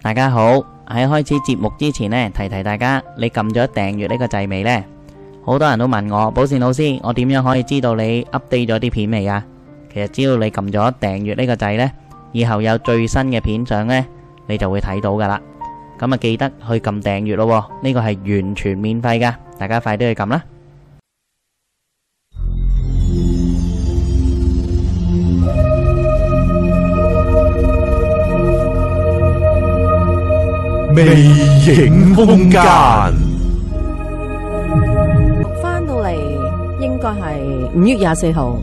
大家好，喺開始節目之前呢，提提大家，你撳咗訂閱呢個掣未呢？好多人都問我，寶善老師，我點樣可以知道你 update 咗啲片未啊？其實只要你撳咗訂閱呢個掣呢，以後有最新嘅片相呢，你就會睇到噶啦。咁啊，記得去撳訂閱咯，呢個係完全免費噶，大家快啲去撳啦。魅影空間，翻到嚟應該係五月廿四號，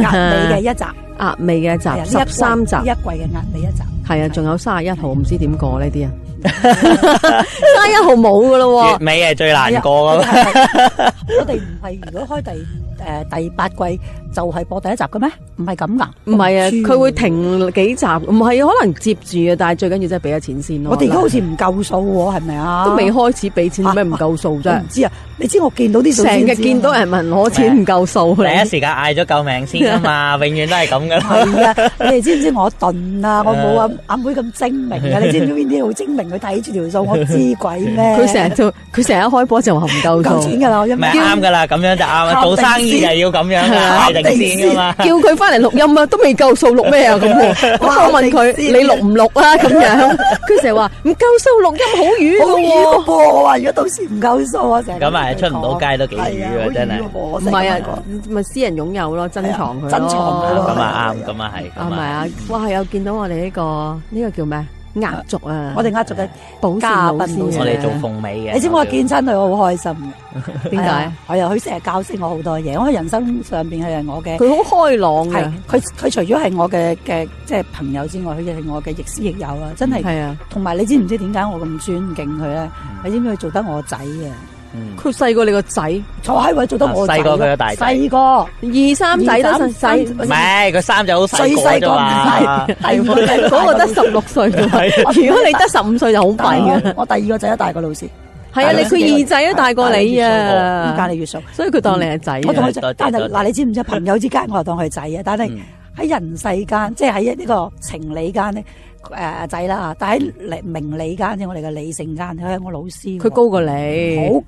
壓尾嘅一集，壓尾嘅一集十三集，一季嘅壓尾一集，係啊，仲有卅，啊，一號唔知點過呢啲啊，卅一號冇噶咯，月尾係最難過噶， 我哋唔係，如果開第誒、呃，第八季。就係播第一集嘅咩？唔係咁噶，唔係啊，佢會停幾集，唔係可能接住啊。但係最緊要真係俾咗錢先咯。我哋而家好似唔夠數喎，係咪啊？都未開始俾錢，做咩唔夠數啫？唔知啊，你知我見到啲成日見到人問我錢唔夠數咧。第一時間嗌咗救命先啊嘛，永遠都係咁嘅。係啊，你哋知唔知我頓啊？我冇阿阿妹咁精明啊！你知唔知邊啲好精明佢睇住條數？我知鬼咩？佢成日佢成日開波就話唔夠錢，唔啱㗎啦，咁樣就啱。做生意就要咁樣。叫佢翻嚟錄音啊，都未夠數錄咩啊？咁我問佢，你錄唔錄啊咁樣，佢成日話唔夠數錄音好遠好遠噃，話如果到時唔夠數啊，成日。咁咪出唔到街都幾遠啊真係，唔係啊，咪私人擁有咯，珍藏佢咯。咁啊啱，咁啊係。啊咪啊，哇！有見到我哋呢個呢個叫咩？壓軸啊！我哋壓軸嘅保嘉賓， 我哋做鳳尾嘅。你知唔知我見親佢，我好開心嘅。點解？佢又佢成日教識我好多嘢，我喺人生上邊佢係我嘅。佢好開朗，係佢佢除咗係我嘅嘅即係朋友之外，佢亦係我嘅亦師亦友啦。真係，同埋的你知唔知點解我咁尊敬佢咧？ 你知唔知佢做得我仔嘅？佢細過你個仔坐喺位做得我細過佢個大細個二三仔都細，佢三仔好細個啫嘛，係嗰個得十六歲，如果你得十五歲就好快嘅。我第二個仔都大過老師，係啊，你佢二仔都大過你啊，唔介意月數，所以佢當你係仔我同佢嘅，但係嗱，你知唔知朋友之間我又當佢仔啊？但係喺人世間，即係喺呢個情理間咧。誒，仔啦，但喺理明理間，即係我哋嘅理性間，喺我老師，佢高過你，好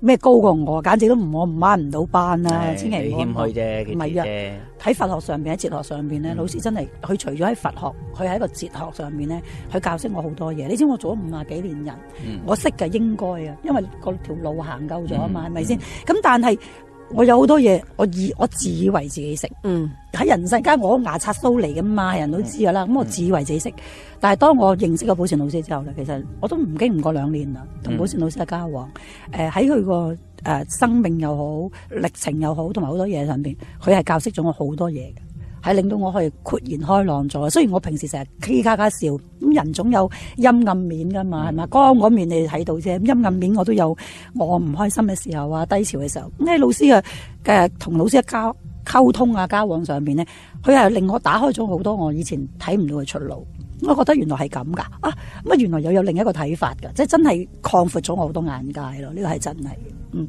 咩高過我，簡直都唔我唔啱唔到班啦，千祈唔好謙虛啫，唔係啊，喺佛學上邊喺哲學上邊咧，老師真係佢除咗喺佛學，佢喺個哲學上邊咧，佢教識我好多嘢。你知我做咗五啊幾年人，我識嘅應該啊，因為個條路行夠咗啊嘛，係咪先？咁但係。我有好多嘢，我以我自以為自己識，喺、嗯、人世間我牙刷都嚟噶嘛，人都知噶啦。咁我自以為自己識，嗯、但係當我認識咗寶善老師之後咧，其實我都唔經唔過兩年啦，同寶善老師嘅交往，誒喺佢個誒生命又好，歷程又好，同埋好多嘢上邊，佢係教識咗我好多嘢嘅。係令到我可以豁然開朗咗。雖然我平時成日卡卡笑，咁人總有陰暗面㗎嘛，係嘛，光嗰面你睇到啫。陰暗面我都有，我唔開心嘅時候啊，低潮嘅時候。咁老師嘅嘅同老師嘅交溝通啊，交往上邊咧，佢係令我打開咗好多我以前睇唔到嘅出路。我覺得原來係咁㗎啊！咁啊，原來又有另一個睇法㗎，即係真係擴闊咗我好多眼界咯。呢個係真㗎，嗯。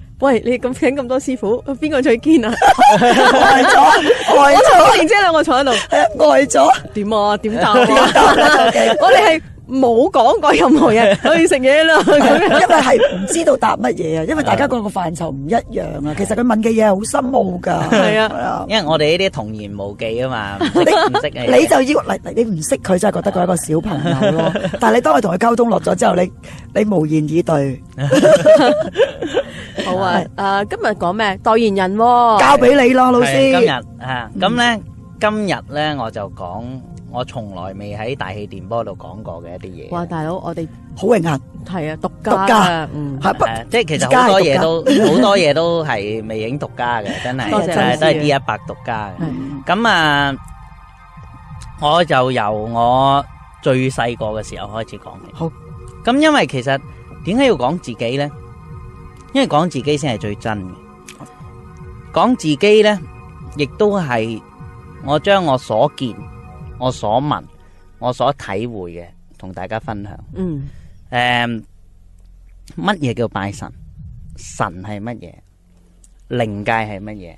喂，你咁請咁多師傅，邊個最堅啊？呆咗 我同玲姐兩個坐喺度，呆咗出點啊？點啊？點答啊？我哋係。冇講過任何嘢去食嘢咯，因為係唔知道答乜嘢啊，因為大家個範疇唔一樣啊。其實佢問嘅嘢係好深奧噶，係啊，因為我哋呢啲童言無忌啊嘛，你唔識你，你就要嚟，你唔識佢真係覺得佢係一個小朋友咯。但係你當佢同佢溝通落咗之後，你你無言以對。好啊，誒，今日講咩？代言人交俾你咯，老師。今日啊，咁咧，今日咧我就講。我從來未喺大氣電波度講過嘅一啲嘢。哇，大佬，我哋好榮幸，係啊，獨家嘅，嗯，係不即係其實好多嘢都好多嘢都係魅影獨家嘅，真係真係都係 D100 獨家嘅。咁啊，我就由我最細個嘅時候開始講起。好咁，因為其實點解要講自己咧？因為講自己先係最真嘅。講自己咧，亦都係我將我所見。我所聞，我所體會嘅，同大家分享。嗯，誒，乜嘢叫拜神？神係乜嘢？靈界係乜嘢？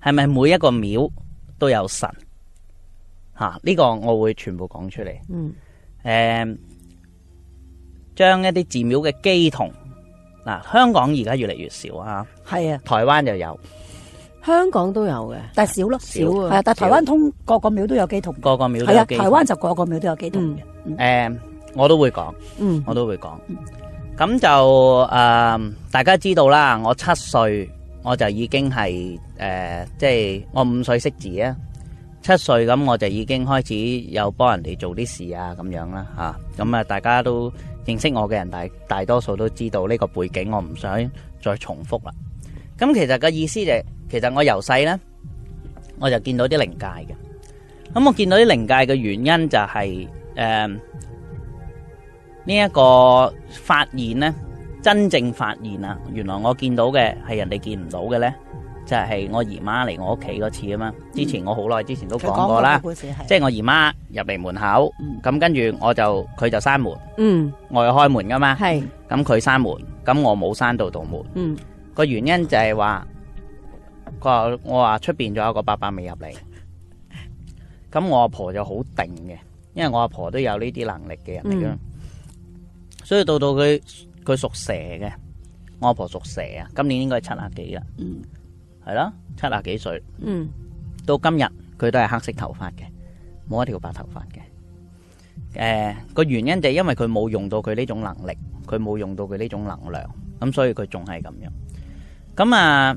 係咪每一個廟都有神？吓、啊，呢、這個我會全部講出嚟。嗯，誒，uh, 將一啲寺廟嘅基同嗱、啊，香港而家越嚟越少啊。係啊，台灣又有。香港都有嘅，但係少咯，少啊了。少了，但係台灣通了，個個廟都有乩童，個個廟係啊，台灣就個個廟都有乩童。誒、嗯，嗯 uh, 我都會講，嗯、我都會講。咁、嗯、就誒、呃，大家知道啦，我七歲我就已經係誒、呃，即係我五歲識字啊，七歲咁我就已經開始有幫人哋做啲事啊，咁樣啦吓。咁啊，大家都認識我嘅人，大大多數都知道呢個背景，我唔想再重複啦。咁其實個意思就係，其實我由細呢，我就見到啲靈界嘅。咁我見到啲靈界嘅原因就係，誒呢一個發現呢，真正發現啊，原來我見到嘅係人哋見唔到嘅呢，就係我姨媽嚟我屋企嗰次啊嘛。之前我好耐之前都講過啦，嗯，即係我姨媽入嚟門口，咁跟住我就佢就閂門，嗯，我開門噶嘛，咁佢閂門，咁我冇閂到道門。個原因就係話，佢話我話出邊仲有個伯伯未入嚟，咁我阿婆，婆就好定嘅，因為我阿婆，婆都有呢啲能力嘅人嚟噶，嗯、所以到到佢佢屬蛇嘅，我阿婆屬蛇啊，今年應該係七啊幾啦，係咯、嗯、七啊幾歲，嗯、到今日佢都係黑色頭髮嘅，冇一條白頭髮嘅。誒、呃、個原因就係因為佢冇用到佢呢種能力，佢冇用到佢呢種能量，咁所以佢仲係咁樣。咁啊，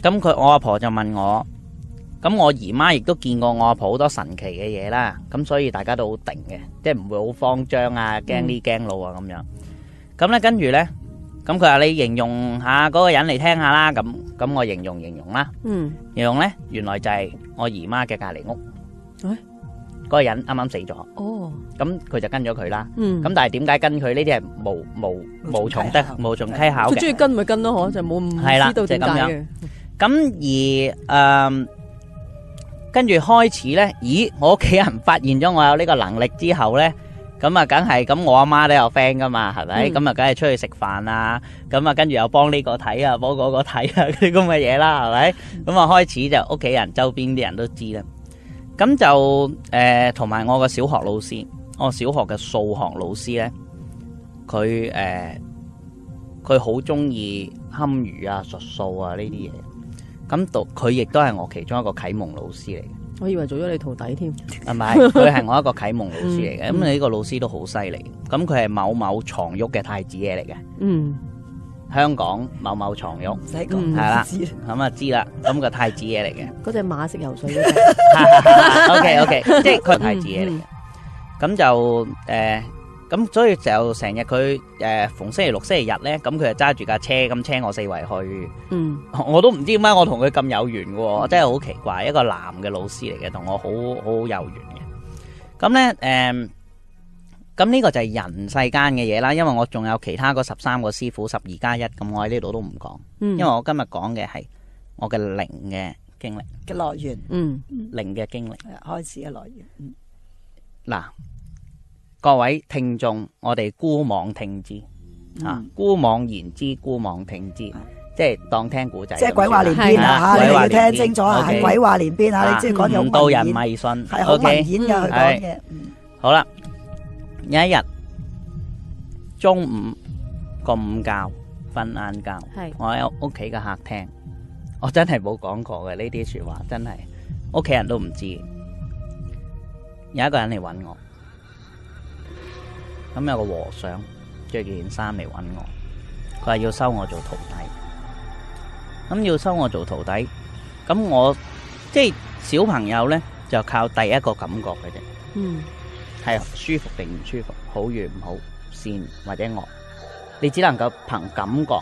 咁佢我阿婆就問我，咁我姨媽亦都見過我阿婆好多神奇嘅嘢啦，咁所以大家都好定嘅，即係唔會好慌張啊，驚呢驚老啊咁樣。咁咧跟住咧，咁佢話你形容下嗰個人嚟聽下啦，咁咁我形容形容啦，嗯，形容咧原來就係我姨媽嘅隔籬屋。嗯嗰個人啱啱死咗，哦，咁佢就跟咗佢啦，嗯，咁但係點解跟佢呢啲係無無無從得無從稽考嘅？佢中意跟咪跟咯，嗬，就冇唔知道點解嘅。咁而誒，跟住開始咧，咦，我屋企人發現咗我有呢個能力之後咧，咁啊，梗係咁我阿媽都有 friend 噶嘛，係咪？咁啊，梗係出去食飯啊，咁啊，跟住又幫呢個睇啊，幫嗰個睇啊，啲咁嘅嘢啦，係咪？咁啊，開始就屋企人周邊啲人都知啦。咁就誒，同、呃、埋我個小學老師，我小學嘅數學老師咧，佢誒佢好中意堪輿啊、術數啊呢啲嘢。咁讀佢亦都係我其中一個啟蒙老師嚟嘅。我以為做咗你徒弟添，係咪？佢係我一個啟蒙老師嚟嘅。咁你呢個老師都好犀利，咁佢係某某床褥嘅太子爺嚟嘅。嗯。香港某某藏玉，唔使講，係啦，咁啊知啦，咁個太子嘢嚟嘅。嗰隻馬識游水嘅。O K O K，即係佢太子嘢嚟嘅。咁就誒，咁、嗯嗯、所以就成日佢誒逢星期六、星期日咧，咁佢就揸住架車咁車我四圍去。嗯，我都唔知點解我同佢咁有緣嘅，嗯、真係好奇怪。一個男嘅老師嚟嘅，同我好好有緣嘅。咁咧，誒、嗯。咁呢個就係人世間嘅嘢啦，因為我仲有其他嗰十三個師傅十二加一，咁我喺呢度都唔講，因為我今日講嘅係我嘅靈嘅經歷嘅來源，嗯，靈嘅經歷開始嘅來源。嗱，各位聽眾，我哋姑妄聽之啊，姑妄言之，姑妄聽之，即係當聽古仔，即係鬼話連篇啊！你哋要聽清楚啊，係鬼話連篇啊！你即係講有誤導人迷信，係好明顯嘅佢講嘅。好啦。有一日中午個午覺瞓晏覺，我喺屋屋企嘅客廳，我真係冇講過嘅呢啲說話，真係屋企人都唔知。有一個人嚟揾我，咁有個和尚着件衫嚟揾我，佢話要收我做徒弟。咁要收我做徒弟，咁我即係小朋友咧，就靠第一個感覺嘅啫。嗯。係舒服定唔舒服，好與唔好，善或者惡，你只能夠憑感覺。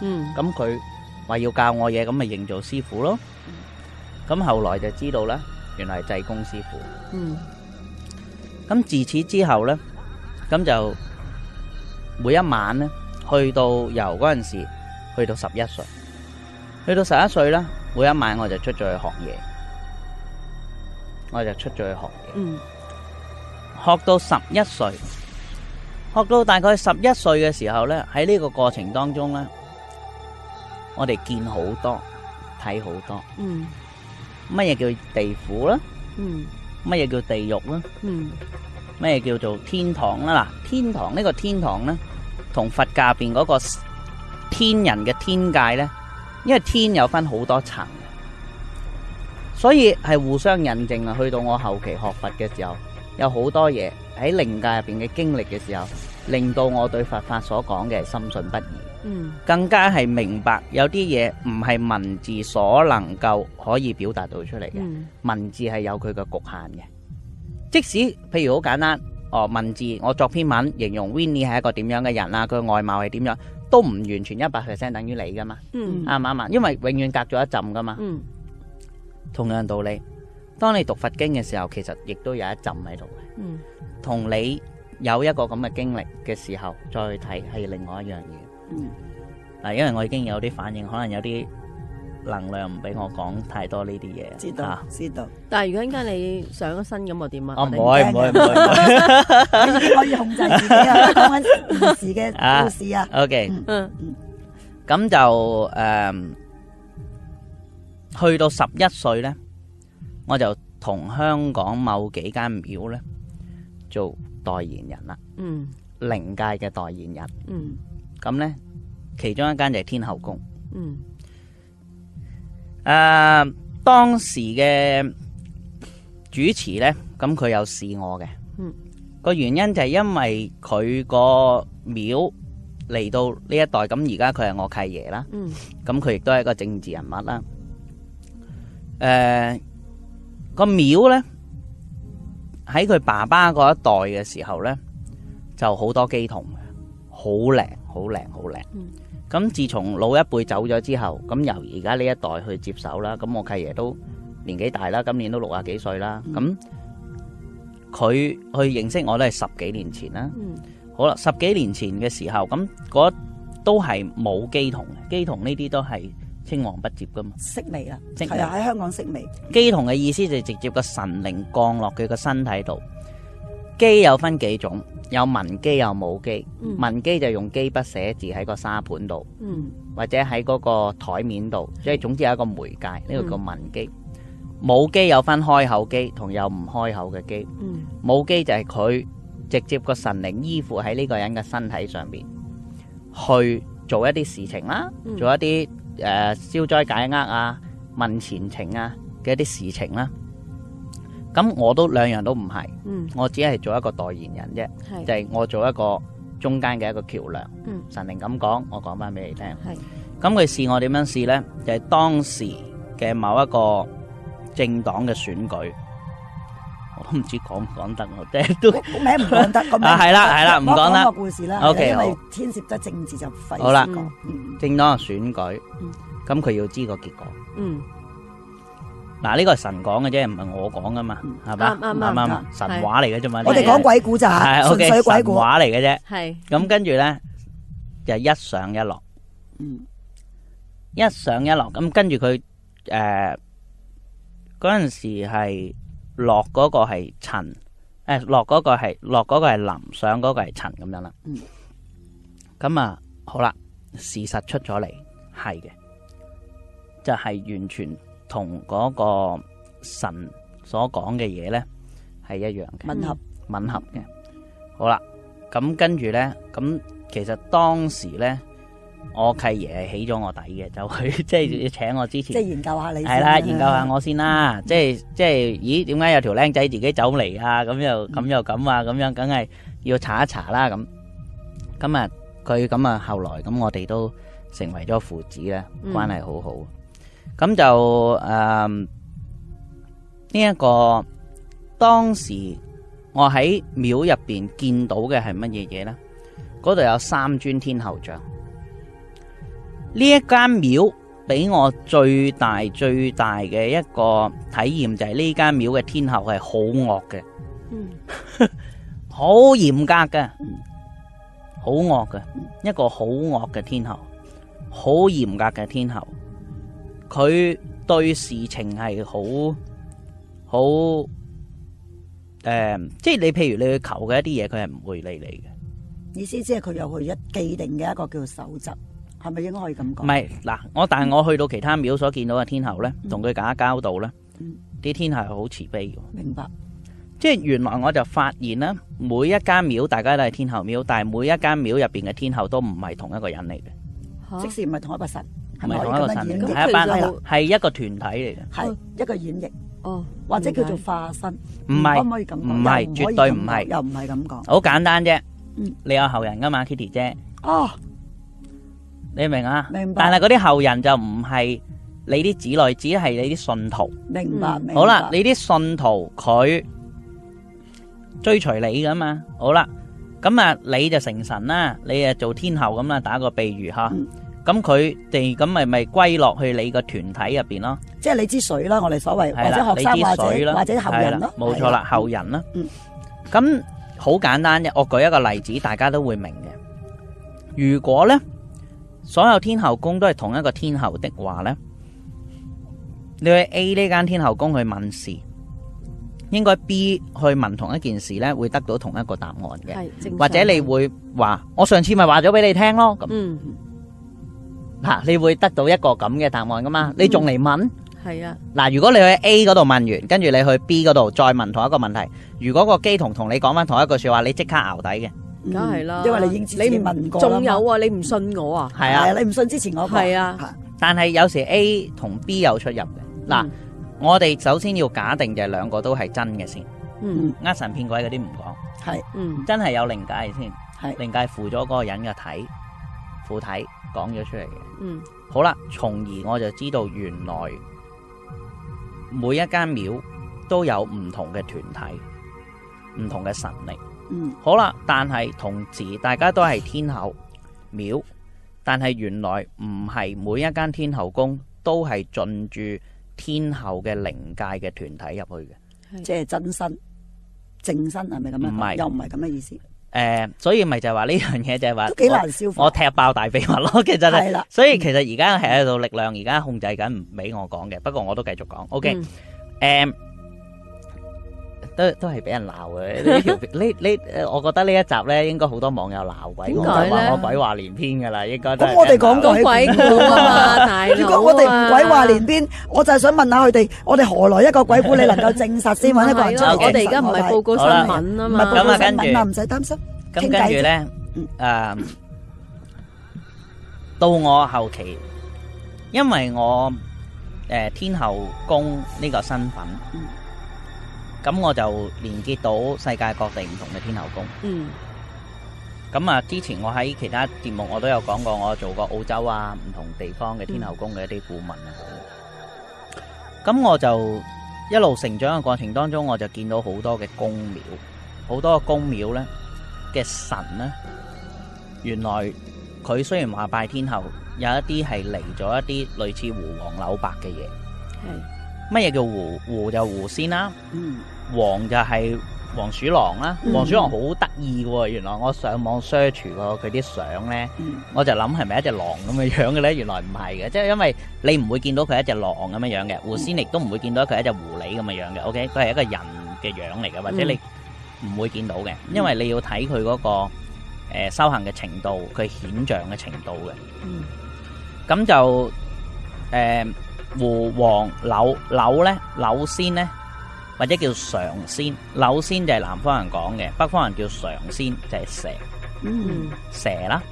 嗯，咁佢話要教我嘢，咁咪認做師傅咯。咁後來就知道咧，原來係濟公師傅。嗯，咁自此之後咧，咁就每一晚咧，去到由嗰陣時，去到十一歲，去到十一歲咧，每一晚我就出咗去學嘢，我就出咗去學嘢。嗯。學到十一歲，學到大概十一歲嘅時候呢。喺呢個過程當中呢，我哋見好多，睇好多。嗯，乜嘢叫地府啦？嗯，乜嘢叫地獄啦？嗯，乜嘢叫做天堂啦？嗱，天堂呢、呢個天堂呢，同佛教邊嗰個天人嘅天界呢，因為天有分好多層，所以係互相印證啊！去到我後期學佛嘅時候。有好多嘢喺靈界入邊嘅經歷嘅時候，令到我對佛法所講嘅深信不疑，更加係明白有啲嘢唔係文字所能夠可以表達到出嚟嘅，文字係有佢嘅局限嘅。即使譬如好簡單，哦，文字我作篇文形容 Winnie 係一個點樣嘅人啦，佢外貌係點樣，都唔完全一百 percent 等於你噶嘛，啱唔啱啊？因為永遠隔咗一浸噶嘛，同樣道理。當你讀佛經嘅時候，其實亦都有一浸喺度嘅。嗯，同你有一個咁嘅經歷嘅時候，再去睇係另外一樣嘢。嗯，嗱，因為我已經有啲反應，可能有啲能量唔俾我講太多呢啲嘢。知道，知道。但係如果依家你上咗身咁，我點啊？我唔會，唔會，唔會。你已經可以控制自己啊！講返現時嘅故事啊。OK。嗯嗯。咁就誒，去到十一歲咧。我就同香港某幾間廟呢做代言人啦，嗯，靈界嘅代言人，嗯，咁呢其中一間就係天后宮，嗯，誒、啊，當時嘅主持呢，咁佢有試我嘅，嗯，個原因就係因為佢個廟嚟到呢一代，咁而家佢係我契爺啦，嗯，咁佢亦都係一個政治人物啦，誒、呃。個廟呢喺佢爸爸嗰一代嘅時候呢就好多乩童嘅，好靚，好靚，好靚。咁自從老一輩走咗之後，咁由而家呢一代去接手啦。咁我契爺都年紀大啦，今年都六十幾歲啦。咁佢去認識我都係十幾年前啦。好啦，十幾年前嘅時候，咁嗰都係冇乩童嘅，乩童呢啲都係。青黃不接㗎嘛？式微啦，係啊，喺香港式微。乩童嘅意思就直接個神靈降落佢個身體度。乩有分幾種，有文乩有武乩。文乩就用乩筆寫字喺個沙盤度，或者喺嗰個台面度，即係總之有一個媒介，呢個叫文乩。武乩有分開口乩同有唔開口嘅乩。武乩就係佢直接個神靈依附喺呢個人嘅身體上邊去做一啲事情啦，做一啲。誒、呃，消災解厄啊，問前程啊嘅一啲事情啦，啊，咁我都兩樣都唔係，嗯、我只係做一個代言人啫，是就係我做一個中間嘅一個橋樑。嗯、神靈咁講，我講翻俾你聽。咁佢是試我點樣試咧？就係、是、當時嘅某一個政黨嘅選舉。我唔知講唔講得，我即係都名唔講得，個名啊係啦係啦，唔講啦。我講個故事啦。O K O K，牽涉得政治就廢。好啦，正當選舉，咁佢要知個結果。嗯，嗱呢個係神講嘅啫，唔係我講噶嘛，係咪？啱啱啱，神話嚟嘅啫嘛。我哋講鬼故就係，係 O K，鬼故話嚟嘅啫。係咁，跟住咧就一上一落，嗯，一上一落。咁跟住佢誒嗰陣時係。落嗰個係塵，誒落嗰個係落嗰個係臨，上嗰個係塵咁樣啦。嗯。咁啊，好啦，事實出咗嚟，係嘅，就係、是、完全同嗰個神所講嘅嘢咧，係一樣嘅。吻合，吻合嘅。好啦，咁跟住咧，咁其實當時咧。我契爺起咗我底嘅，就去即係要請我之前，即係研究下你，係啦，研究下我先啦。即係即係，咦？點解有條僆仔自己走嚟啊？咁又咁又咁啊？咁樣梗係要查一查啦。咁咁啊，佢咁啊，後來咁我哋都成為咗父子啦，關係好好。咁就誒，呢一個當時我喺廟入邊見到嘅係乜嘢嘢咧？嗰度有三尊天后像。呢一間廟俾我最大最大嘅一個體驗就係、是、呢間廟嘅天后係好惡嘅，好、嗯、 嚴格嘅，好惡嘅一個好惡嘅天后，好嚴格嘅天后，佢對事情係好好，即係你譬如你去求嘅一啲嘢，佢係唔會理你嘅。意思即係佢有佢一既定嘅一個叫守則。係咪應該可以咁講？唔係嗱，我但係我去到其他廟所見到嘅天后咧，同佢搞交道咧，啲天后係好慈悲嘅。明白，即係原來我就發現啦，每一間廟大家都係天后廟，但係每一間廟入邊嘅天后都唔係同一個人嚟嘅，即使唔係同一個神，係同一個神，係一班，係一個團體嚟嘅，係一個演繹，或者叫做化身。唔係，可唔可以咁講？唔係，絕對唔係，又唔係咁講。好簡單啫，你有後人噶嘛，Kitty 姐？哦。你明啊？明白。但係嗰啲後人就唔係你啲子女，只係你啲信徒。嗯、明白。明好啦，你啲信徒佢追隨你噶嘛？好啦，咁啊，你就成神啦，你啊做天后咁啦，打個比喻吓。咁佢哋咁咪咪歸落去你個團體入邊咯？即係你支水啦，我哋所謂係啦，或者學生支水啦，或者或者後人咯。冇錯啦，係啦後人啦。咁好、嗯、簡單嘅，我舉一個例子，大家都會明嘅。如果呢。所有天后宮都係同一個天后的話咧，你去 A 呢間天后宮去問事，應該 B 去問同一件事咧，會得到同一個答案嘅。或者你會話，我上次咪話咗俾你聽咯。咁，嗱，你會得到一個咁嘅答案噶嘛？你仲嚟問？係啊。嗱，如果你去 A 嗰度問完，跟住你去 B 嗰度再問同一個問題，如果個乩童同你講翻同一句說話，你即刻淆底嘅。梗係啦，嗯、因為你話你應你唔問過，仲有啊，嗎你唔信我啊？係啊，你唔信之前我講。係啊，是啊，但係有時 A 同 B 有出入嘅。嗱、嗯，我哋首先要假定就係兩個都係真嘅先。嗯騙騙，呃神騙鬼嗰啲唔講。係。嗯。真係有靈界先。係是。靈界附咗嗰個人嘅體，附體講咗出嚟嘅。嗯，好。好啦，從而我就知道原來每一間廟都有唔同嘅團體，唔同嘅神力。嗯，好啦，但係同時大家都係天后廟，但係原來唔係每一間天后宮都係進駐天后嘅靈界嘅團體入去嘅，即係真身、正身係咪咁樣？唔係是，又唔係咁嘅意思。誒、呃，所以咪就係話呢樣嘢就係話，都幾難消化我。我踢爆大秘密咯，其實係、就、啦、是。的所以其實而家係喺度力量，而家控制緊唔俾我講嘅，不過我都繼續講。O K，誒。呃都係俾人鬧嘅，呢呢呢，我覺得呢一集咧，應該好多網友鬧鬼，我就話鬼話連篇噶啦，應該都我哋講個鬼故啊，大哥嘛。如果我哋唔鬼話連篇，我就係想問下佢哋，我哋何來一個鬼故，你能夠證實先揾一個人出嚟？我哋而家唔係報過新聞啊嘛，報過新聞啊，唔使擔心。咁跟住咧，誒，到我後期，因為我誒天后宮呢個身份。咁我就連接到世界各地唔同嘅天后宮。嗯。咁啊，之前我喺其他節目我都有講過，我做過澳洲啊，唔同地方嘅天后宮嘅一啲顧問啊。咁、嗯、我就一路成長嘅過程當中，我就見到好多嘅宮廟，好多嘅宮廟呢嘅神呢，原來佢雖然話拜天后，有一啲係嚟咗一啲類似胡黃柳白嘅嘢。係。乜嘢叫狐？狐就狐仙啦、啊，黃、嗯、就係黃鼠狼啦、啊。黃、嗯、鼠狼好得意嘅喎，原來我上網 search 過佢啲相咧，嗯、我就諗係咪一隻狼咁嘅樣嘅咧？原來唔係嘅，即、就、係、是、因為你唔會見到佢一隻狼咁樣樣嘅，狐仙亦都唔會見到佢一隻狐狸咁樣樣嘅。嗯、OK，佢係一個人嘅樣嚟嘅，或者你唔會見到嘅，因為你要睇佢嗰個誒、呃、修行嘅程度，佢顯象嘅程度嘅。咁就誒。嗯嗯嗯嗯嗯嗯嗯嗯狐黃柳柳咧，柳仙咧，或者叫常仙，柳仙就係南方人講嘅，北方人叫常仙就係蛇，嗯，蛇啦，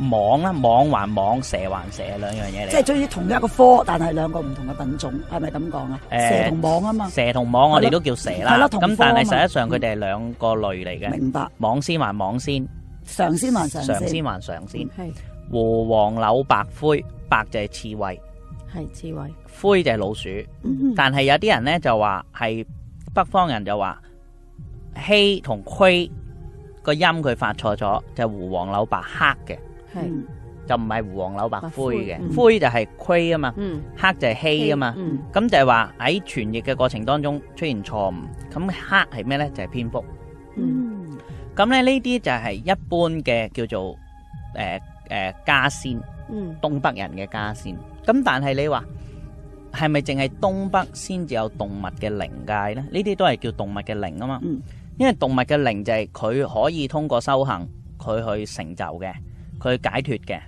蟒啦，蟒還蟒，蛇還蛇，兩樣嘢嚟。即係屬於同一個科，但係兩個唔同嘅品種，係咪咁講啊？蛇同蟒啊嘛，蛇同蟒我哋都叫蛇啦，咁但係實際上佢哋係兩個類嚟嘅。明白。蟒仙還蟒仙，常仙還常仙，常仙還常仙。狐黃柳白灰，白就係刺猬。係刺猬，灰就係老鼠，但係有啲人呢就話係北方人就話稀同虧個音佢發錯咗，就是、胡黃柳白黑嘅，係是就唔係胡黃柳白，白灰嘅，灰就係虧啊嘛，嗯、黑就係稀啊嘛，咁、嗯、就係話喺傳譯嘅過程當中出現錯誤，咁黑係咩呢？就係、是、蝙蝠，咁咧、嗯、呢啲就係一般嘅叫做誒誒、呃呃、家仙、嗯，東北人嘅家仙」。咁，但係你話係咪淨係東北先至有動物嘅靈界呢？呢啲都係叫動物嘅靈啊嘛。嗯、因為動物嘅靈就係佢可以通過修行，佢去成就嘅，佢解脱嘅。咁、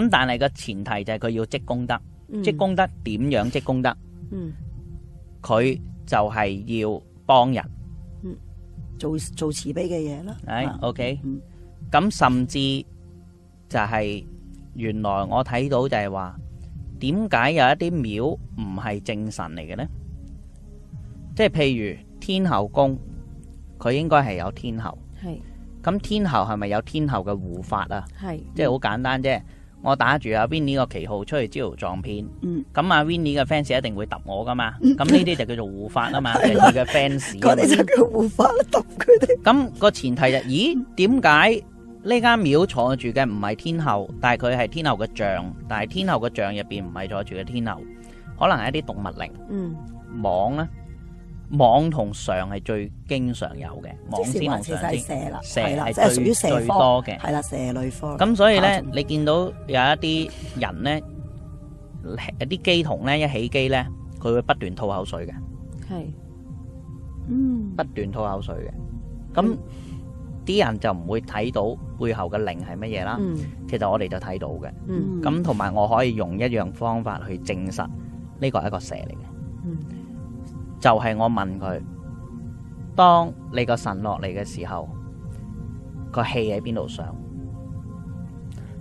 嗯、但係個前提就係佢要積功德，積功德點樣積功德？嗯，佢就係要幫人，嗯、做做慈悲嘅嘢咯。係 OK，咁甚至就係原來我睇到就係話。點解有一啲廟唔係正神嚟嘅呢？即係譬如天后宮，佢應該係有天后。係，咁天后係咪有天后嘅護法啊？係即係好簡單啫。我打住阿 Vinny 個旗號出去招搖撞騙。咁阿 Vinny 嘅 fans 一定會揼我噶嘛？咁呢啲就叫做護法啊嘛，佢哋嘅 fans。嗰啲就叫護法揼佢哋。咁個前提就，咦？點解？呢間廟坐住嘅唔係天后，但係佢係天后嘅像，但係天后嘅像入邊唔係坐住嘅天后，可能係一啲動物靈。嗯，蟒咧，蟒同蛇係最經常有嘅。蟒同蛇係啦，蛇係最最多嘅，係啦，蛇類科。咁所以咧，你見到有一啲人咧，有啲機童咧一起機咧，佢會不斷吐口水嘅，係，嗯，不斷吐口水嘅，咁。啲人就唔會睇到背後嘅靈係乜嘢啦，嗯、其實我哋就睇到嘅，咁同埋我可以用一樣方法去證實呢個係一個蛇嚟嘅，嗯、就係我問佢：當你個神落嚟嘅時候，個氣喺邊度上？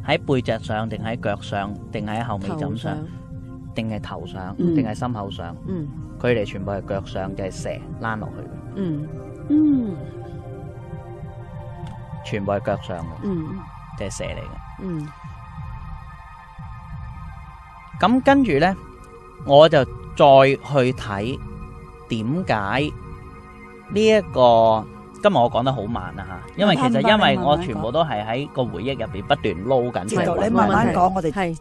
喺背脊上，定喺腳上，定喺後尾枕上，定係頭上，定係、嗯、心口上？佢哋、嗯、全部係腳上嘅、就係、蛇攬落去。嗯，嗯。全部係腳上嘅，嗯，即係蛇嚟嘅。嗯，咁跟住咧，我就再去睇點解呢一個。今日我講得好慢啊嚇，因為其實因為我全部都係喺個回憶入邊不斷撈緊。不如你慢慢講，我哋係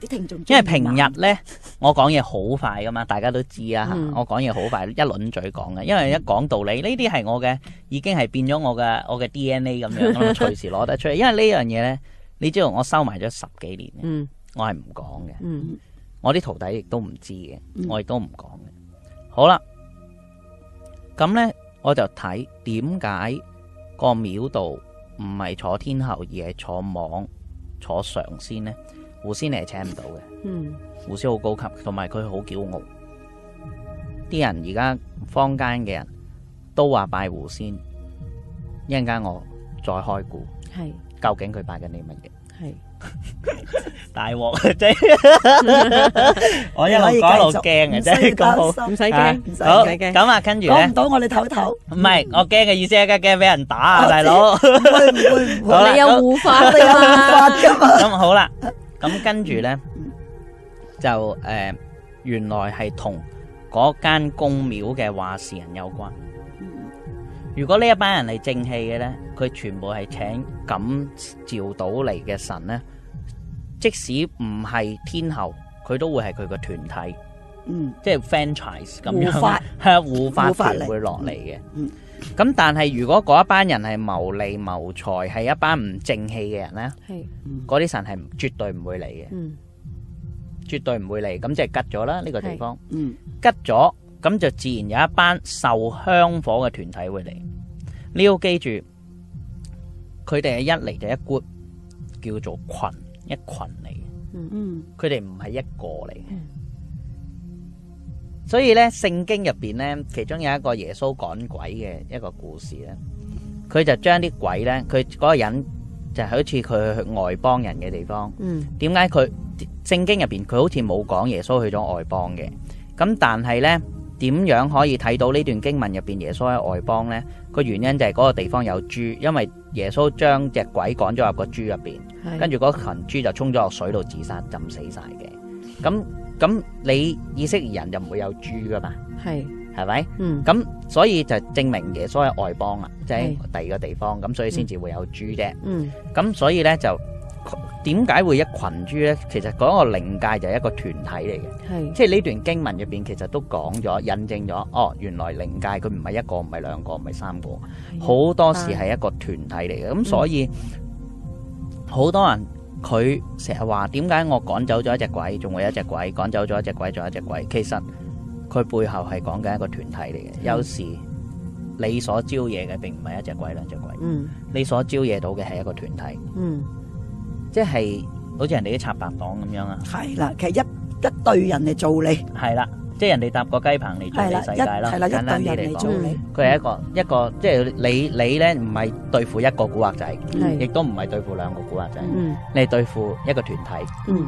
啲聽眾。因為平日咧，我講嘢好快噶嘛，大家都知啊嚇。我講嘢好快，一輪嘴講嘅。因為一講道理，呢啲係我嘅，已經係變咗我嘅我嘅 DNA 咁樣，隨時攞得出嚟。因為呢樣嘢咧，你知道我收埋咗十幾年嘅，我係唔講嘅。我啲徒弟亦都唔知嘅，我亦都唔講嘅。好啦，咁咧。我就睇點解個廟度唔係坐天后，而係坐網坐上仙呢？狐仙你係請唔到嘅，嗯，狐仙好高級，同埋佢好驕傲。啲人而家坊間嘅人都話拜狐仙，一陣間我再開估，係是究竟佢拜緊你乜嘢？係是。 大鑊，我一路講一路驚嘅啫，咁好，唔使驚，唔使驚。咁啊，跟住咧，講唔到我哋唞一唞。唔係，我驚嘅意思係驚俾人打啊，大佬。唔會唔會，你有護法噶嘛？護法噶嘛。咁好啦，咁跟住咧，就誒，原來係同嗰間公廟嘅話事人有關。如果呢一班人係正氣嘅咧，佢全部係請感召到嚟嘅神咧。即使唔係天后，佢都會係佢個團體，嗯，即係 franchise 咁樣係啊，護法神會落嚟嘅。咁但係如果嗰一班人係謀利謀財，係一班唔正氣嘅人咧，係嗰啲神係絕對唔會嚟嘅，嗯，絕對唔會嚟。咁即係吉咗啦，呢個地方，嗯，吉咗咁就自然有一班受香火嘅團體會嚟。你要記住，佢哋係一嚟就一 group 叫做群。一群嚟嘅，嗯嗯，佢哋唔係一個嚟嘅，所以咧聖經入邊咧，其中有一個耶穌趕鬼嘅一個故事咧，佢就將啲鬼咧，佢嗰個人就好似佢去外邦人嘅地方，嗯，點解佢聖經入邊佢好似冇講耶穌去咗外邦嘅？咁但係咧，點樣可以睇到呢段經文入邊耶穌喺外邦咧？個原因就係嗰個地方有豬，因為。耶穌將隻鬼趕咗入個豬入邊，跟住嗰群豬就沖咗落水度自殺，浸死晒嘅。咁咁你以色列人就唔會有豬噶嘛？係係咪？嗯，咁所以就證明耶穌喺外邦啦，即係第二個地方，咁所以先至會有豬啫。嗯，咁所以呢就。點解會一群豬呢？其實嗰個靈界就係一個團體嚟嘅，是即係呢段經文入邊其實都講咗，印證咗哦，原來靈界佢唔係一個，唔係兩個，唔係三個，好的多時係一個團體嚟嘅。咁所以好、嗯、多人佢成日話點解我趕走咗一隻鬼，仲會有一隻鬼，趕走咗一隻鬼，仲有一隻鬼。其實佢背後係講緊一個團體嚟嘅。嗯、有時你所招惹嘅並唔係一隻鬼、兩隻鬼，嗯，你所招惹、嗯、所招惹到嘅係一個團體，嗯。即係好似人哋啲插白黨咁樣啊！係啦，其實一一對人嚟做你係啦，即係人哋搭個雞棚嚟做你世界咯，係啦，一對人嚟做你。佢係一個一個，即係你你咧，唔係對付一個古惑仔，亦都唔係對付兩個古惑仔，你係對付一個團體。嗯，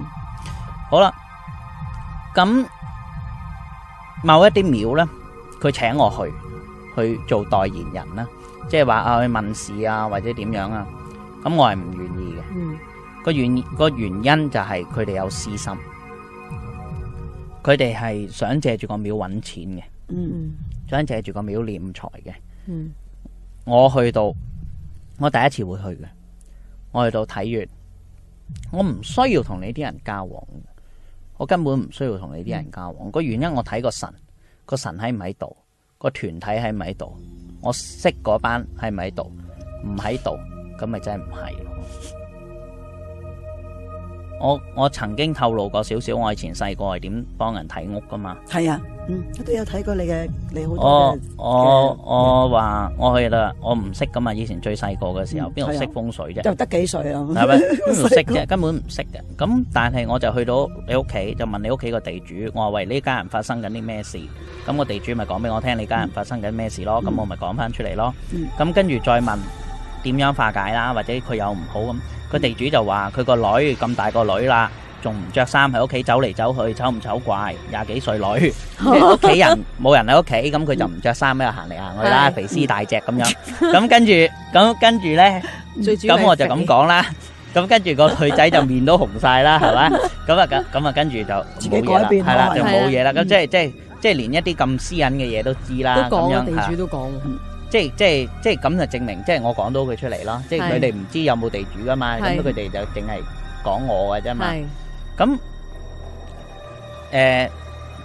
好啦，咁某一啲廟咧，佢請我去去做代言人啦，即係話啊去問事啊，或者點樣啊，咁我係唔願意嘅。嗯。個原個原因就係佢哋有私心，佢哋係想借住個廟揾錢嘅，mm hmm. 想借住個廟斂財嘅。Mm hmm. 我去到，我第一次會去嘅，我去到睇完，我唔需要同你啲人交往，我根本唔需要同你啲人交往。Mm hmm. 個原因我睇個神，個神喺唔喺度，個團體喺唔喺度，我識嗰班喺唔喺度，唔喺度咁咪真係唔係咯。我我曾經透露過少少，我以前細個係點幫人睇屋噶嘛。係啊，嗯，我都有睇過你嘅，你好多嘅我我、嗯、我話我去啦，我唔識噶嘛。以前最細個嘅時候，邊度、嗯、識風水啫？就得幾歲啊？係咪邊度識啫？根本唔識嘅。咁但係我就去到你屋企，就問你屋企個地主，我話喂呢家人發生緊啲咩事？咁個地主咪講俾我聽，你家人發生緊咩事,事咯？咁我咪講翻出嚟咯。咁、嗯、跟住再問點樣化解啦，或者佢有唔好咁。佢地主就話佢個女咁大個女啦，仲唔着衫喺屋企走嚟走去，醜唔醜怪？廿幾歲女，屋企人冇人喺屋企，咁佢就唔着衫喺度行嚟行去啦，肥屍大隻咁樣。咁跟住，咁跟住咧，咁我就咁講啦。咁跟住個女仔就面都紅晒啦，係咪？咁啊咁，咁啊跟住就冇嘢啦，係啦，就冇嘢啦。咁即係即係即係連一啲咁私隱嘅嘢都知啦，咁樣吓，地主都講。即係即係即係咁就證明，即係我講到佢出嚟咯。即係佢哋唔知有冇地主噶嘛，咁佢哋就淨係講我嘅啫嘛。咁誒，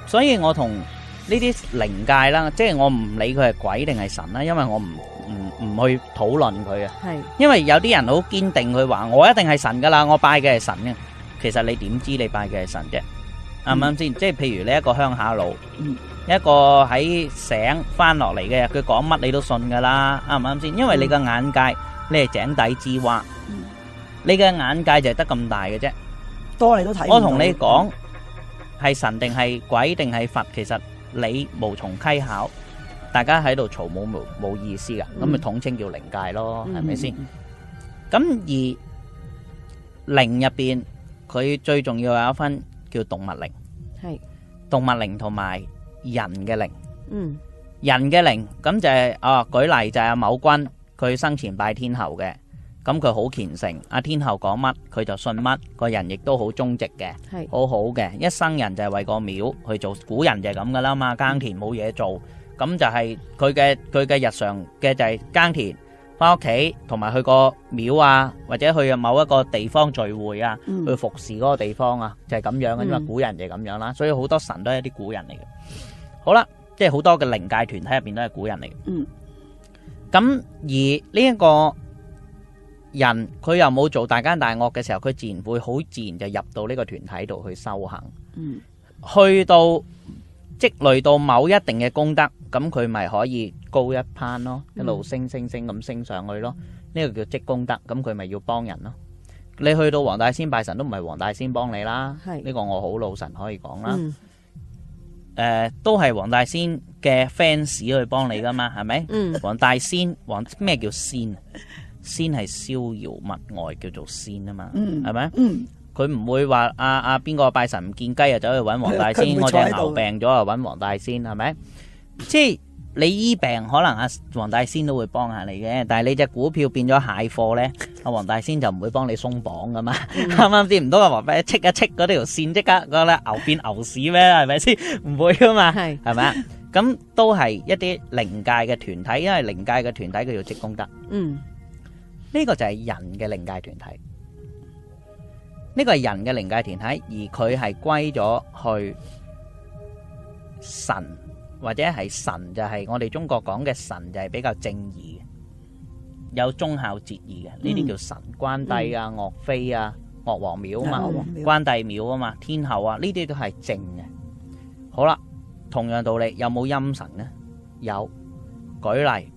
所以我同呢啲靈界啦，即係我唔理佢係鬼定係神啦，因為我唔唔唔去討論佢嘅。係，因為有啲人好堅定佢話，我一定係神噶啦，我拜嘅係神嘅。其實你點知你拜嘅係神啫？啱唔啱先？即係譬如你一個鄉下佬，嗯、一個喺醒翻落嚟嘅，佢講乜你都信噶啦，啱唔啱先？因為你嘅眼界，你係井底之蛙，嗯、你嘅眼界就係得咁大嘅啫。多你都睇。我同你講，係神定係鬼定係佛，其實你無從稽考。大家喺度嘈冇冇意思噶，咁咪統稱叫靈界咯，係咪先？咁、嗯嗯、而靈入邊，佢最重要有一分。叫動物靈，係動物靈同埋人嘅靈，嗯，人嘅靈咁就係哦，舉例就係某君，佢生前拜天后嘅，咁佢好虔誠，阿天后講乜佢就信乜，個人亦都好忠直嘅，係好好嘅，一生人就係為個廟去做，古人就係咁噶啦嘛，耕田冇嘢做，咁就係佢嘅佢嘅日常嘅就係耕田。翻屋企，同埋去個廟啊，或者去某一個地方聚會啊，嗯、去服侍嗰個地方啊，就係、是、咁樣嘅啫嘛。嗯、古人就係咁樣啦、啊，所以好多神都係一啲古人嚟嘅。好啦，即係好多嘅靈界團體入邊都係古人嚟嘅。嗯，咁而呢一個人，佢又冇做大奸大惡嘅時候，佢自然會好自然就入到呢個團體度去修行。嗯，去到。積累到某一定嘅功德，咁佢咪可以高一攀咯，一路升升升咁升上去咯。呢、嗯、個叫積功德，咁佢咪要幫人咯。你去到黃大仙拜神都唔係黃大仙幫你啦，呢是個我好老神可以講啦。誒、嗯呃，都係黃大仙嘅 fans 去幫你噶嘛，係咪？黃、嗯、大仙，黃咩叫仙啊？仙係逍遙物外叫做仙啊嘛，係咪、嗯？嗯嗯佢唔會話阿阿邊個拜神唔見雞啊，走去揾黃大仙。我隻 牛病咗啊，揾黃大仙係咪？即係 你醫病可能阿、啊、黃大仙都會幫下你嘅，但係你隻股票變咗蟹貨呢，阿、啊、黃大仙就唔會幫你鬆綁噶嘛？啱啱先？唔通阿黃大仙戚一戚嗰條線即刻嗰個牛變牛屎咩？係咪先？唔 會噶嘛？係係咪啊？咁都係一啲靈界嘅團體，因為靈界嘅團體佢要積功德。嗯，呢個就係人嘅靈界團體。呢個係人嘅靈界團體，而佢係歸咗去神或者係神，就係我哋中國講嘅神，就係比較正義，有忠孝節義嘅，呢啲叫神關帝啊、岳飛啊、岳王廟啊嘛，嘛，關帝廟啊嘛、天后啊，呢啲都係正嘅。好啦，同樣道理，有冇陰神呢？有，舉例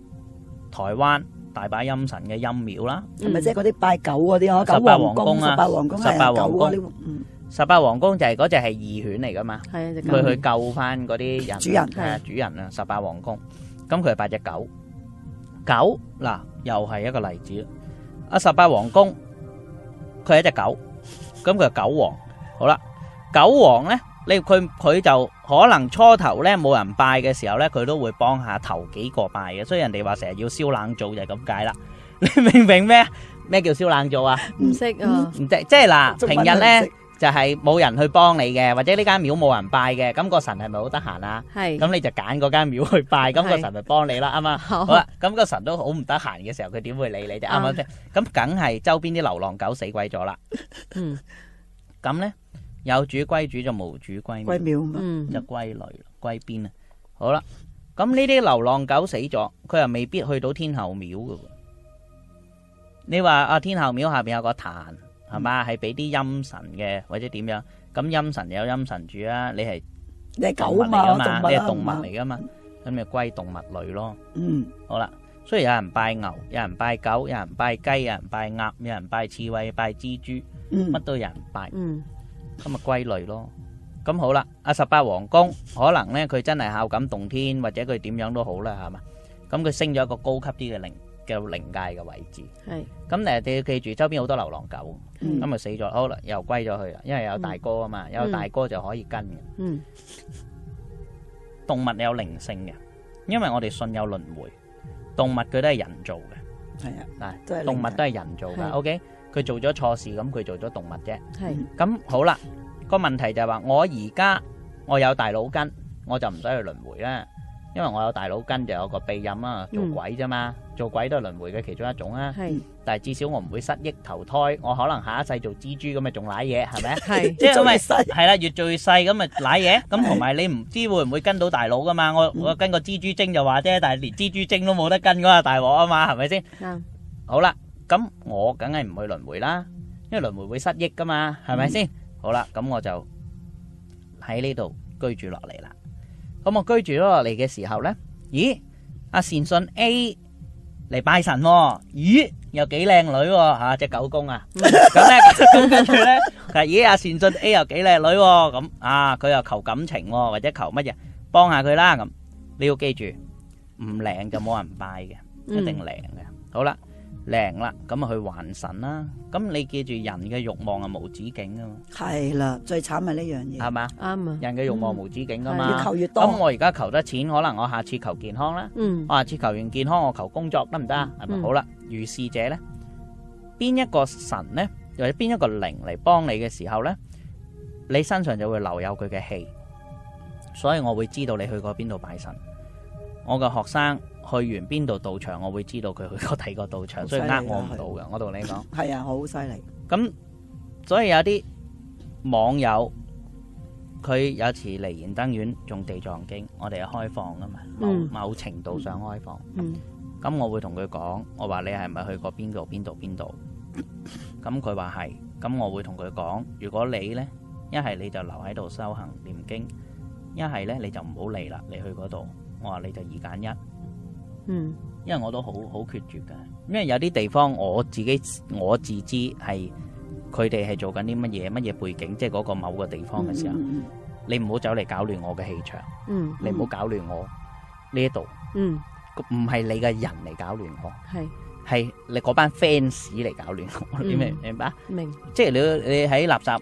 台灣。大把陰神嘅陰廟啦。係咪即係嗰啲拜狗嗰啲啊？十八王公啊，十八王公，十八王公，嗯，十八王公就係嗰隻係義犬嚟噶嘛，係啊，佢去救翻嗰啲人，主人係啊，主人啊，十八王公，咁佢係八隻狗，狗嗱又係一個例子，啊，十八王公，佢係一隻狗，咁佢係狗王，好啦，狗王咧，你佢佢就。可能初頭咧冇人拜嘅時候咧，佢都會幫下頭幾個拜嘅，所以人哋話成日要燒冷灶就咁解啦。你明唔明咩？咩叫燒冷灶啊？唔識啊。唔，即即嗱，平日咧就係冇人去幫你嘅，或者呢間廟冇人拜嘅，咁個神係咪好得閒啊？係。咁你就揀嗰間廟去拜，咁個神咪幫你啦，啱嘛？好。好啦，咁個神都好唔得閒嘅時候，佢點會理你啫，啱唔啱先？咁梗係周邊啲流浪狗死鬼咗啦。嗯。咁咧？有主歸主，就無主歸廟，嗯，就歸類歸邊啊。好啦，咁呢啲流浪狗死咗，佢又未必去到天后廟噶。你話啊，天后廟下邊有個壇係嘛，係俾啲陰神嘅，或者點樣咁陰神有陰神住啊。你係你係狗啊嘛，你係動物嚟噶嘛，咁咪歸動物類咯。嗯，好啦，雖然有人拜牛，有人拜狗，有人拜雞，有人拜鴨，有人拜刺蝟，拜蜘蛛，乜都有人拜。咁咪歸類咯，咁好啦，啊十八王公可能咧佢真係孝感動天，或者佢點樣都好啦，係嘛，咁佢升咗一個高級啲嘅靈叫靈界嘅位置。係，咁咧你要記住周邊好多流浪狗，咁咪死咗，好啦又歸咗去啦，因為有大哥啊嘛，有大哥就可以跟嘅。嗯，動物有靈性嘅，因為我哋信有輪迴，動物佢都係人造嘅。係啊，嗱，動物都係人造嘅。O K。佢做咗錯事，咁佢做咗動物啫。係咁好啦，個問題就係話，我而家我有大佬跟，我就唔使去輪迴啦。因為我有大佬跟，就有個庇蔭啊，做鬼啫嘛，做鬼都係輪迴嘅其中一種啊。係，但係至少我唔會失憶投胎，我可能下一世做蜘蛛咁啊，仲瀨嘢，係咪？係，即係因為係啦，越最細咁啊瀨嘢，咁同埋你唔知會唔會跟到大佬噶嘛？我我跟個蜘蛛精就話啫，但係連蜘蛛精都冇得跟，㗎嘛大鑊啊嘛，係咪先？嗯，好啦。咁我梗係唔去輪回啦，因為輪回會失憶噶嘛，係咪先？好啦，咁我就喺呢度居住落嚟啦。咁我居住咗落嚟嘅時候咧，咦？阿善信 A 嚟拜神，咦？又幾靚女喎吓，隻狗公啊！咁咧，咁跟住咧，其實咦？阿善信 A 又幾靚女喎，咁啊，佢又求感情喎，或者求乜嘢，幫下佢啦。咁你要記住，唔靚就冇人拜嘅，一定靚嘅。好啦。靈啦，咁啊去還神啦，咁你記住人嘅欲望啊無止境噶嘛，係啦，最慘係呢樣嘢，係嘛，啱啊，人嘅欲望無止境噶嘛，越求越多，咁我而家求得錢，可能我下次求健康啦，嗯，我下次求完健康，我求工作得唔得啊？係咪好啦？如是者咧，邊一個神咧，或者邊一個靈嚟幫你嘅時候咧，你身上就會留有佢嘅氣，所以我會知道你去過邊度拜神，我嘅學生。去完邊度道場，我會知道佢去過睇過道場，所以呃我唔到嘅。我同你講，係啊，好犀利咁。所以有啲網友佢有次嚟延登院，仲地藏經，我哋係開放噶嘛，某某程度上開放。咁，我會同佢講，我話你係咪去過邊度？邊度？邊度？咁佢話係，咁我會同佢講，如果你咧一係你就留喺度修行念經，一係咧你就唔好嚟啦。你去嗰度，我話你就二揀一。嗯，因為我都好好決絕嘅，因為有啲地方我自己我自知係佢哋係做緊啲乜嘢乜嘢背景，即係嗰個某個地方嘅時候，嗯、你唔好走嚟搞亂我嘅氣場，嗯，你唔好搞亂我呢一度，嗯，唔係里、嗯、你嘅人嚟搞亂我，係係你嗰班 fans 嚟搞亂我，嗯、你明明白？明白，即係你你喺垃圾，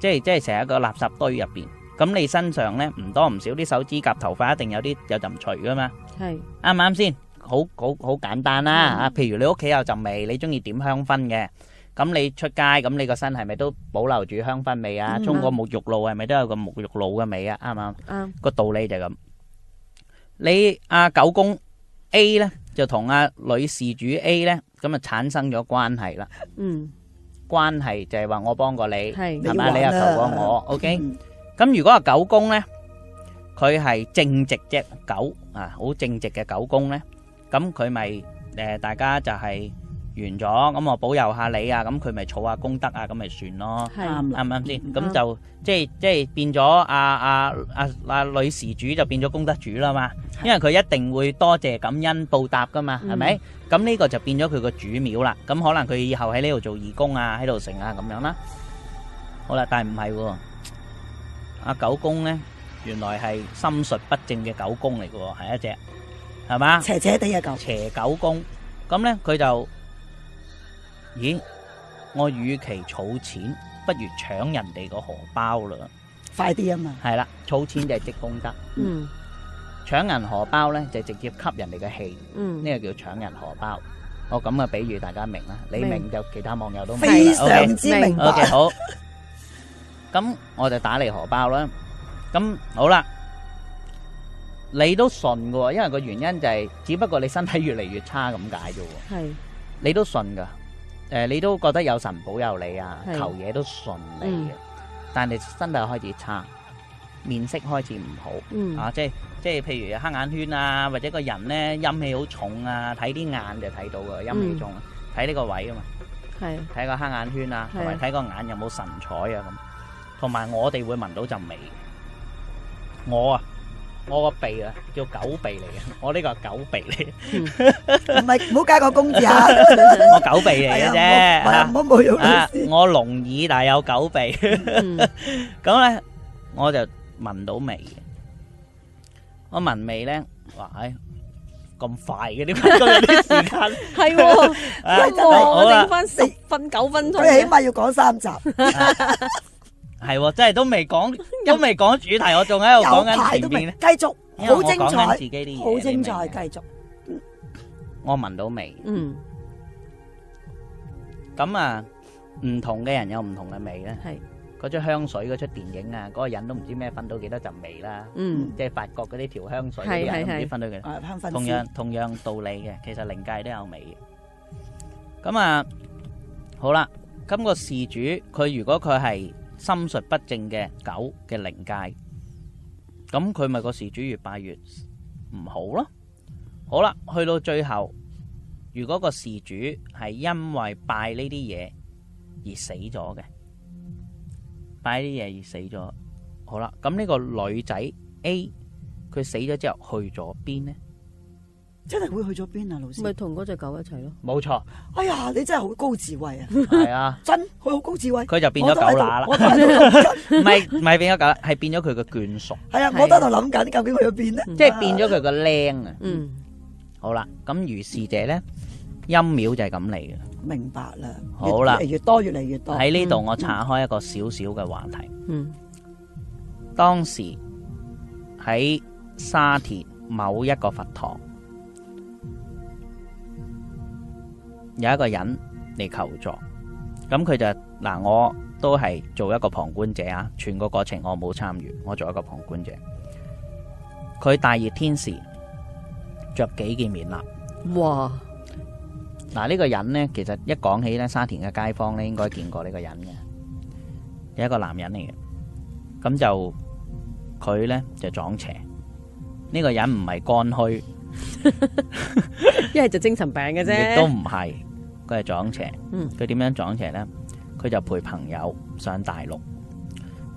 即係即係成一個垃圾堆入邊，咁你身上咧唔多唔少啲手指甲、頭髮，一定有啲有陣除噶嘛。係啱唔啱先？好好好簡單啦吓，譬如你屋企有陣味，你中意點香薰嘅，咁你出街，咁你個身係咪都保留住香薰味啊？沖個沐浴露係咪都有個沐浴露嘅味啊？啱唔啱？啱，個道理就係咁。你阿九公 A 咧就同阿女事主 A 咧咁啊產生咗關係啦。嗯，關係就係話我幫過你，係咪？你又求過我，OK？咁如果阿九公咧？佢係正直隻狗啊，好正直嘅狗公咧，咁佢咪誒，大家就係完咗，咁我保佑下你啊，咁佢咪儲下功德啊，咁咪算咯，係咪先？咁就即係即係變咗阿阿阿阿女事主就變咗功德主啦嘛，因為佢一定會多謝感恩報答噶嘛，係咪？咁呢個就變咗佢個主廟啦，咁可能佢以後喺呢度做義工啊，喺度成啊咁樣啦。好啦，但係唔係喎，阿狗公咧。原來係心術不正嘅狗公嚟嘅，係一隻，係嘛？邪邪地嘅、啊、狗，邪狗公。咁咧，佢就，咦，我與其儲錢，不如搶人哋個荷包、啊嗯、啦。快啲啊嘛！係啦，儲錢就係積功德。嗯。搶人荷包咧，就直接吸人哋嘅氣。嗯。呢個叫搶人荷包。我咁嘅比喻大家明啦，你明就其他網友都非常之 OK，明白。Okay，好。咁我就打你荷包啦。咁好啦，你都順嘅喎，因為個原因就係，只不過你身體越嚟越差咁解啫喎。是你都順噶，誒、呃，你都覺得有神保佑你啊，是求嘢都順利嘅，是但你身體開始差，面色開始唔好，嗯、啊，即係即係譬如黑眼圈啊，或者個人咧陰氣好重啊，睇啲眼就睇到嘅陰氣重、啊，睇呢、嗯、個位啊嘛，係是，睇個黑眼圈啊，同埋睇個眼有冇神采啊咁，同埋我哋會聞到陣味。我啊，我個鼻啊，叫狗鼻嚟嘅。我呢個係狗鼻嚟，唔係，唔好加個公字啊，我狗鼻嚟嘅啫，好冇用，我聾耳但係有狗鼻。咁咧我就聞到味嘅，我聞味咧，哇，咁快嘅，點解都有啲時間？係，我剩翻四分九分，佢起碼要講三集。係喎，真係都未講，都未講主題，我仲喺度講緊前面咧。繼續，好精彩，好精彩，繼續。我聞到味，嗯。咁啊，唔同嘅人有唔同嘅味咧。係。嗰出香水，嗰出電影啊，嗰個人都唔知咩，噴到幾多陣味啦。嗯。即係法國嗰啲調香水嘅人，唔知噴到幾。同樣同樣道理嘅，其實靈界都有味。咁啊，好啦，今個事主佢如果佢係。心術不正嘅狗嘅靈界，咁佢咪個事主越拜越唔好咯。好啦，去到最後，如果個事主係因為拜呢啲嘢而死咗嘅，拜呢啲嘢而死咗，好啦，咁呢個女仔 A 佢死咗之後去咗邊呢？出嚟，會去咗邊啊？老師咪同嗰隻狗一齊咯，冇錯。哎呀，你真係好高智慧啊！係啊，真佢好高智慧，佢就變咗狗乸啦。唔係，唔係變咗狗，係變咗佢嘅眷屬。係啊，我都喺度諗緊，究竟佢去咗邊咧？即係變咗佢個僆啊。嗯，好啦，咁如是者咧，陰廟就係咁嚟嘅。明白啦。好啦，越嚟越多，越嚟越多。喺呢度，我查開一個少少嘅話題。嗯，當時喺沙田某一個佛堂。有一個人嚟求助，咁佢就，嗱，我都係做一個旁觀者啊，全個過程我冇參與，我做一個旁觀者。佢大熱天時着幾件棉衲，哇！嗱，呢個人呢，其實一講起呢，沙田嘅街坊呢，應該見過呢個人嘅，有一個男人嚟嘅，咁就佢呢，就撞邪，呢、這個人唔係乾虛。一係就精神病嘅啫，亦都唔係，佢係撞邪。嗯，佢點樣撞邪咧？佢就陪朋友上大陸，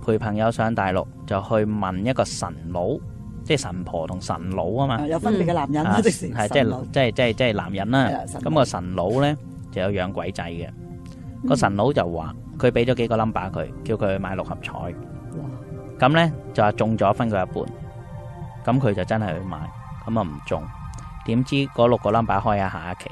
陪朋友上大陸就去問一個神佬，即係神婆同神佬啊嘛，有分別嘅男人咯，即時係即係即係即係男人啦。咁個神佬咧就有養鬼仔嘅，個神佬就話佢俾咗幾個 number 佢，叫佢去買六合彩。哇！咁咧就話中咗分佢一半，咁佢就真係去買。咁啊唔中，點知嗰六個 number 開啊下一期，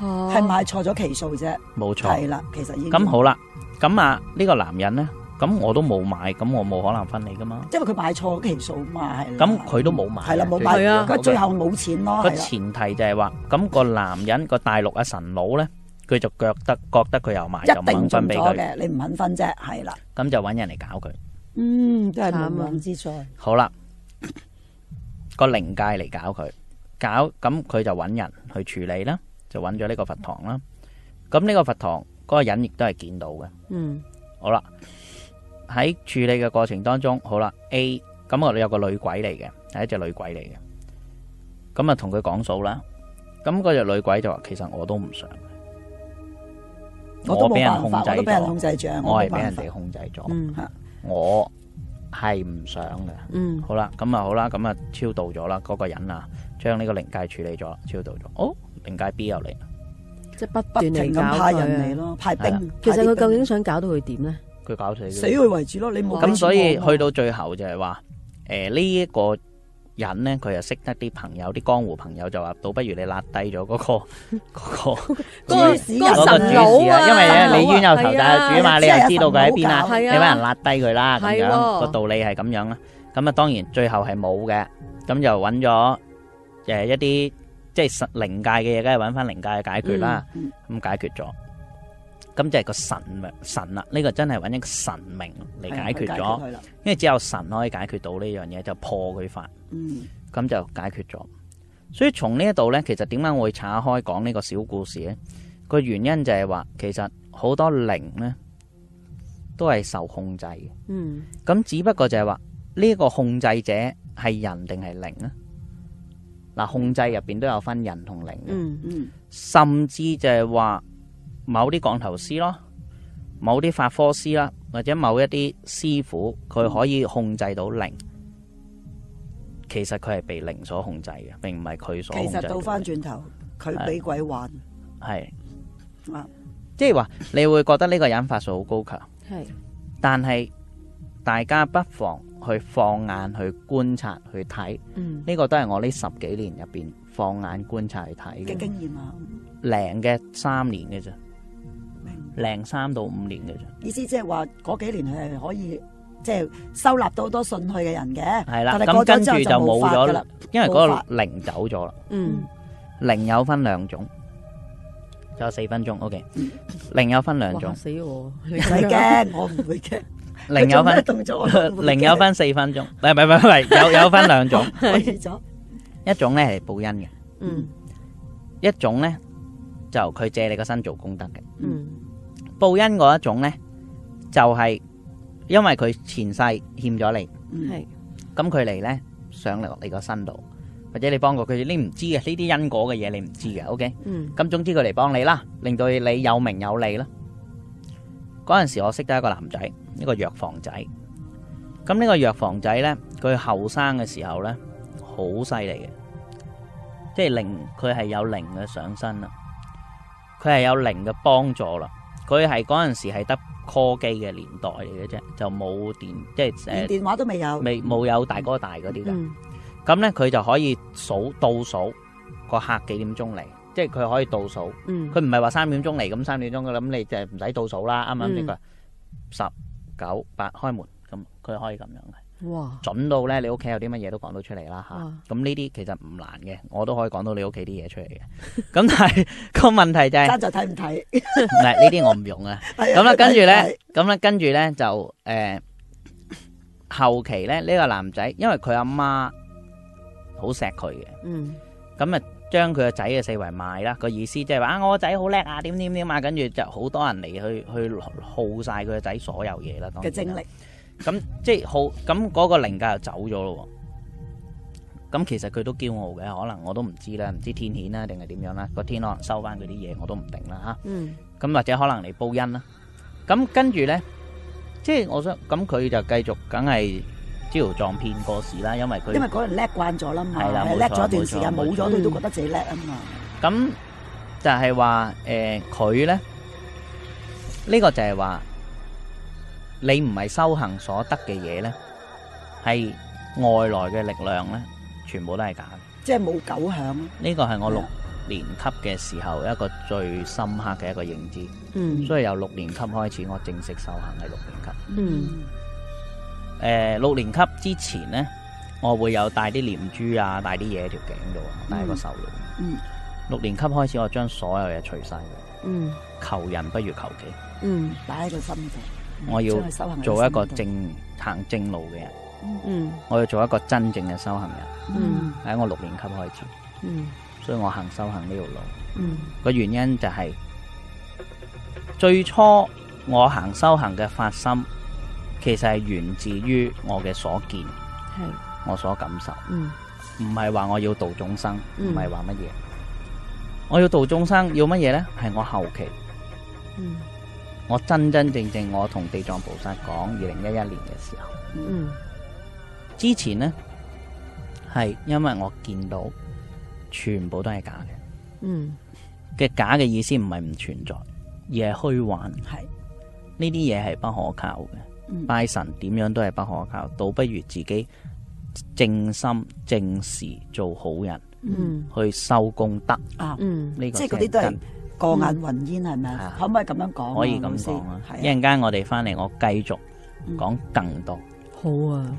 係買錯咗期數啫，冇錯，係啦，其實已經咁好啦，咁啊呢個男人咧，咁我都冇買，咁我冇可能分你噶嘛，因為佢買錯期數嘛，咁佢都冇買，係啦冇買，佢最後冇錢咯。個前提就係話，咁個男人個大陸阿神佬咧，佢就覺得覺得佢有買，就唔肯分俾佢。你唔肯分啫，係啦，咁就揾人嚟搞佢，嗯，都係亡命之財，好啦。個靈界嚟搞佢，搞咁佢就揾人去處理啦，就揾咗呢個佛堂啦。咁呢個佛堂嗰個人亦都係見到嘅。嗯，好啦，喺處理嘅過程當中，好啦，A，咁我哋有個女鬼嚟嘅，係一隻女鬼嚟嘅。咁啊同佢講數啦，咁嗰隻女鬼就話：其實我都唔想，我都冇辦法，我都俾人控制咗，我係俾人哋控制咗，我。係唔想嘅，嗯好，好啦，咁啊好啦，咁啊超度咗啦，嗰個人啊，將呢個靈界處理咗，超度咗，哦，靈界 B 又嚟，即係不斷嚟咁、啊、派人嚟咯，派兵，的派兵其實佢究竟想搞到佢點咧？佢搞死，死佢為止咯，你冇咁哇所以哇去到最後就係話，誒呢一個。人咧，佢又識得啲朋友，啲江湖朋友就話，倒不如你拉低咗嗰個嗰主事啊，因為咧你冤有頭債有主嘛，你又知道佢喺邊啊，你幫人拉低佢啦，咁樣個道理係咁樣啦。咁啊，當然最後係冇嘅，咁就揾咗誒一啲即係實靈界嘅嘢，梗係揾翻靈界去解決啦，咁解決咗。咁就係個神神啦、啊，呢、呢個真係揾一個神明嚟解決咗，決因為只有神可以解決到呢樣嘢，就破佢法，咁、嗯、就解決咗。所以從呢一度呢，其實點解我會拆開講呢個小故事呢？個原因就係話，其實好多靈呢都係受控制嘅，咁、嗯、只不過就係話呢一個控制者係人定係靈呢？嗱，控制入邊都有分人同靈嘅，嗯嗯、甚至就係話。某啲講頭師咯，某啲法科師啦，或者某一啲師傅，佢可以控制到靈，其實佢係被靈所控制嘅，並唔係佢所控制。其實到翻轉頭，佢俾鬼玩。係， 即係話你會覺得呢個引法術好高強，係是，但係大家不妨去放眼去觀察去睇，嗯，呢個都係我呢十幾年入邊放眼觀察去睇嘅經驗啊，零嘅三年嘅啫。零三到五年嘅啫，意思即係話嗰幾年係可以即係收納到好多信去嘅人嘅，係啦。咁跟住就冇咗啦，因為嗰個零走咗啦。嗯，零有分兩種，仲有四分鐘。OK，零有分兩種。嚇死我，唔使驚，我唔會驚。零有分動作，零有分四分鐘。喂喂喂，有有分兩種。開始咗，一種咧係報恩嘅，嗯，一種咧就佢借你個身做功德嘅，嗯。報恩嗰一種咧，就係因為佢前世欠咗你，係，咁佢嚟咧上嚟落你個身度，或者你幫過佢，你唔知嘅，呢啲因果嘅嘢你唔知嘅，OK，咁總之佢嚟幫你啦，令到你有名有利啦。嗰陣時我識得一個男仔，一個藥房仔，咁呢個藥房仔咧，佢後生嘅時候咧好犀利嘅，即係靈，佢係有靈嘅上身啦，佢係有靈嘅幫助啦。佢係嗰陣時係得 call 機嘅年代嚟嘅啫，就冇電，即係連電話都未有，未冇有大哥大嗰啲嘅。咁咧，佢就可以數倒數個客幾點鐘嚟，即係佢可以倒數。佢唔係話三點鐘嚟咁，三點鐘咁，你就唔使倒數啦。啱啱呢個，十九八開門，咁佢可以咁樣嘅。哇，準到咧！你屋企有啲乜嘢都講到出嚟啦嚇，咁呢啲其實唔難嘅，我都可以講到你屋企啲嘢出嚟嘅。咁 但係個問題就係，就睇唔睇？唔 係、 嗯、呢啲我唔用啊。咁啦， 跟住咧，咁啦，跟住咧就誒後期咧，呢個男仔因為佢阿媽好錫佢嘅，嗯，咁啊將佢個仔嘅、嗯、四圍賣啦，個意思即係話我個仔好叻啊，點點點啊，跟住就好多人嚟去去耗晒佢個仔所有嘢啦，當嘅精力。咁即係好，咁嗰個靈界又走咗咯。咁其實佢都驕傲嘅，可能我都唔知啦，唔知天譴啦，定係點樣啦？個天可能收翻佢啲嘢，我都唔定啦吓。嗯。咁或者可能嚟報恩啦。咁跟住咧，即係我想，咁佢就繼續梗係招搖撞騙過市啦。因為佢因為嗰人叻慣咗啦嘛，係啦，叻咗一段時間，冇咗都都覺得自己叻啊嘛。咁就係話誒，佢咧呢個就係話。你唔係修行所得嘅嘢咧，係外來嘅力量咧，全部都係假嘅。即係冇狗響。呢個係我六年級嘅時候一個最深刻嘅一個認知。嗯。所以由六年級開始，我正式修行係六年級。嗯。誒、呃，六年級之前咧，我會有帶啲念珠啊，帶啲嘢喺條頸度，帶個手爐。嗯。嗯。六年級開始，我將所有嘢除晒佢。嗯。求人不如求己。嗯。擺喺個心度。我要做一個正行正路嘅人，嗯、我要做一個真正嘅修行人。喺、嗯、我六年級開始，嗯、所以我行修行呢條路。個、嗯、原因就係、是、最初我行修行嘅發心，其實係源自於我嘅所見，是我所感受，唔係話我要度眾生，唔係話乜嘢。嗯、我要度眾生要乜嘢咧？係我後期。嗯我真真正正我同地藏菩薩講二零一一年嘅時候，嗯，之前呢，係因為我見到全部都係假嘅，嗯嘅假嘅意思唔係唔存在，而係虛幻，係呢啲嘢係不可靠嘅。嗯、拜神點樣都係不可靠，倒不如自己正心正視做好人，嗯，去收功德啊，嗯，個嗯即係啲都係。過眼雲煙係咪啊？可唔可以咁樣講，啊？可以咁講啦。一陣間我哋翻嚟，我繼續講更多，嗯。好啊。